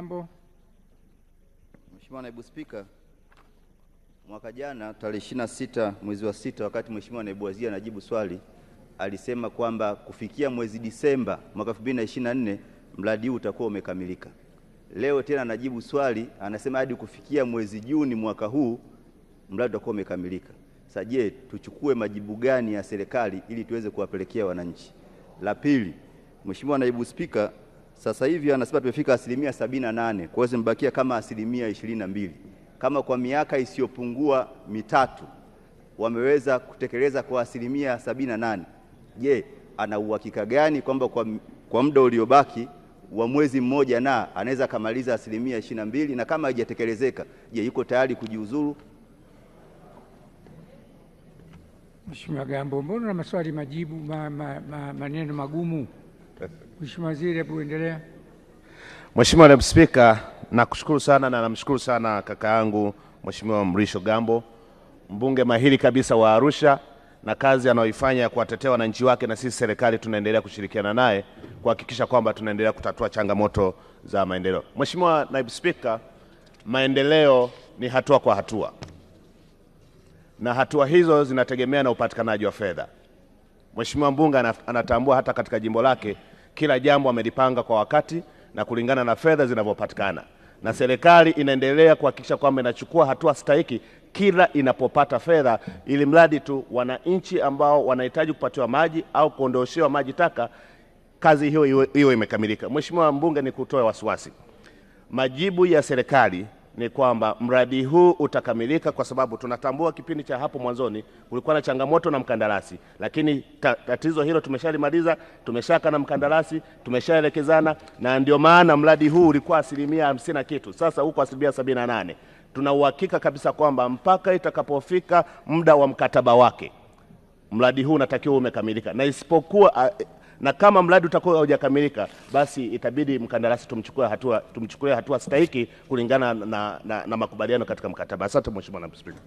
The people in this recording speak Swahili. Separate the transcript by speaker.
Speaker 1: jambo. Mheshimiwa Naibu Spika, mwaka jana tarehe ishirini na sita mwezi wa sita wakati Mheshimiwa Naibu Waziri anajibu swali alisema kwamba kufikia mwezi Disemba mwaka 2024 mradi huu utakuwa umekamilika. Leo tena anajibu swali anasema hadi kufikia mwezi Juni mwaka huu mradi utakuwa umekamilika. Sasa je, tuchukue majibu gani ya serikali ili tuweze kuwapelekea wananchi? La pili, Mheshimiwa Naibu Spika, sasa hivi anasema tumefika asilimia sabini na nane, kwa hiyo zimebakia kama asilimia ishirini na mbili. Kama kwa miaka isiyopungua mitatu wameweza kutekeleza kwa asilimia sabini na nane, je, ana uhakika gani kwamba kwa, kwa muda uliobaki wa mwezi mmoja na anaweza akamaliza asilimia ishirini na mbili? Na kama haijatekelezeka, je, yuko tayari kujiuzuru?
Speaker 2: Mheshimiwa Gambo, mbona na maswali majibu ma, ma, ma, maneno magumu? Mheshimiwa Waziri, hebu uendelea.
Speaker 3: Mheshimiwa Naibu Spika, nakushukuru sana na namshukuru sana kaka yangu Mheshimiwa Mrisho Gambo, mbunge mahiri kabisa wa Arusha na kazi anayoifanya ya kuwatetea wananchi wake, na sisi serikali tunaendelea kushirikiana naye kuhakikisha kwamba tunaendelea kutatua changamoto za maendeleo. Mheshimiwa Naibu Spika, maendeleo ni hatua kwa hatua na hatua hizo zinategemea na upatikanaji wa fedha. Mheshimiwa mbunge anatambua hata katika jimbo lake kila jambo amelipanga kwa wakati na kulingana na fedha zinavyopatikana, na serikali inaendelea kuhakikisha kwamba inachukua hatua stahiki kila inapopata fedha, ili mradi tu wananchi ambao wanahitaji kupatiwa maji au kuondoshewa maji taka, kazi hiyo hiyo imekamilika. Mheshimiwa mbunge, kutoa wasiwasi, majibu ya serikali ni kwamba mradi huu utakamilika, kwa sababu tunatambua kipindi cha hapo mwanzoni kulikuwa na changamoto na mkandarasi, lakini tatizo hilo tumeshalimaliza, tumeshaka na mkandarasi, tumeshaelekezana, na ndio maana mradi huu ulikuwa asilimia hamsini na kitu, sasa huko asilimia sabini na nane. Tuna uhakika kabisa kwamba mpaka itakapofika muda wa mkataba wake mradi huu unatakiwa umekamilika, na isipokuwa na kama mradi utakuwa haujakamilika, basi itabidi mkandarasi tumchukue hatua, tumchukue hatua stahiki kulingana na, na, na makubaliano katika mkataba. Asante Mheshimiwa Naibu Spika.